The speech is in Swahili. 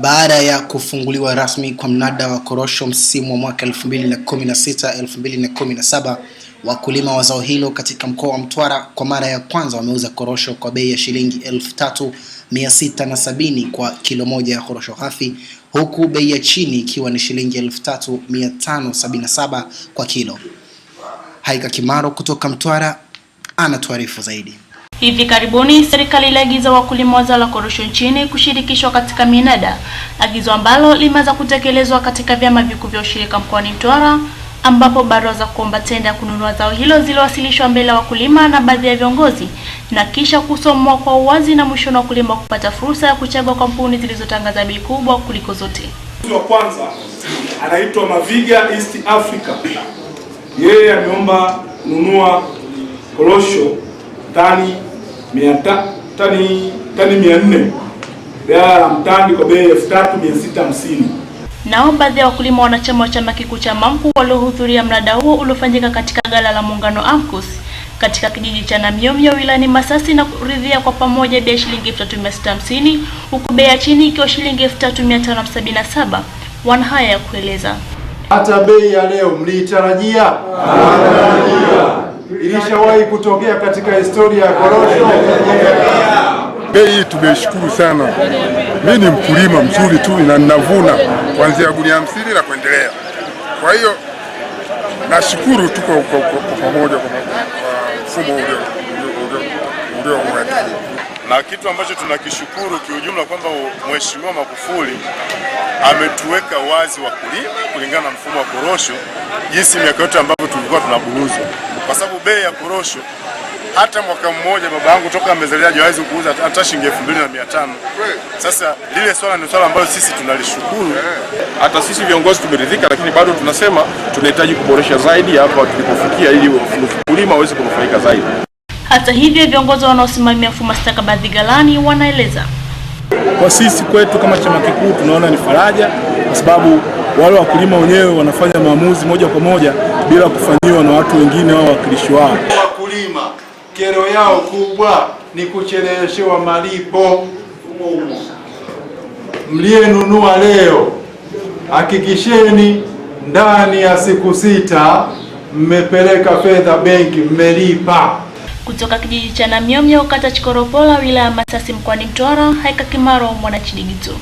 Baada ya kufunguliwa rasmi kwa mnada wa korosho msimu wa mwaka 2016 2017, wakulima wa zao hilo katika mkoa wa Mtwara kwa mara ya kwanza wameuza korosho kwa bei ya shilingi 3670 kwa kilo moja ya korosho ghafi, huku bei ya chini ikiwa ni shilingi 3577 kwa kilo. Haika Kimaro kutoka Mtwara anatuarifu zaidi. Hivi karibuni serikali iliagiza wakulima wa zao la korosho nchini kushirikishwa katika minada, agizo ambalo limeanza kutekelezwa katika vyama vikuu vya ushirika mkoani Mtwara, ambapo barua za kuomba tenda ya kununua zao hilo ziliwasilishwa mbele ya wakulima na baadhi ya viongozi na kisha kusomwa kwa uwazi na mwisho na wakulima kupata fursa ya kuchagua kampuni zilizotangaza bei kubwa kuliko zote. Wa kwanza anaitwa Maviga East Africa, yeye ameomba nunua korosho tani mia ta, tani tani mia nne dawa ya mtandi kwa bei elfu tatu mia sita hamsini. Nao baadhi ya wakulima wanachama wa chama kikuu cha MAMCU waliohudhuria mnada huo uliofanyika katika gala la muungano AMCUS katika kijiji cha Namiomyo wilayani Masasi na kuridhia kwa pamoja bei ya shilingi 3650 huku bei ya chini ikiwa shilingi 3577. Wana haya ya kueleza. Hata bei ya leo mliitarajia? Mliitarajia ilishawahi kutokea katika historia ya korosho. Bei tumeshukuru sana. Mimi ni mkulima mzuri tu na ninavuna kuanzia gunia hamsini na kuendelea, kwa hiyo nashukuru tuko pamoja kwa mfumo ulio na kitu ambacho tunakishukuru kiujumla kwamba Mheshimiwa Magufuli ametuweka wazi wakulima kulingana na mfumo wa korosho, jinsi miaka yote ambavyo tulikuwa tunaburuzwa kwa sababu bei ya korosho hata mwaka mmoja baba yangu toka amezalia hajawezi kuuza hata shilingi elfu mbili na mia tano. Sasa lile swala ni swala ambalo sisi tunalishukuru, eh. hata sisi viongozi tumeridhika, lakini bado tunasema tunahitaji kuboresha zaidi hapa tulipofikia, ili mkulima aweze kunufaika zaidi. Hata hivyo, viongozi wanaosimamia mfumo stakabadhi ghalani wanaeleza, kwa sisi kwetu kama chama kikuu tunaona ni faraja, kwa sababu wale wakulima wenyewe wanafanya maamuzi moja kwa moja bila kufanyiwa na watu wengine au wawakilishi wao. Wakulima kero yao kubwa ni kucheleweshewa malipo. Mliyenunua leo, hakikisheni ndani ya siku sita mmepeleka fedha benki, mmelipa. Kutoka kijiji cha Namyomyo, kata Chikoropola, wilaya Masasi, mkoani Mtwara. Haika Kimaro, Mwananchi Digital.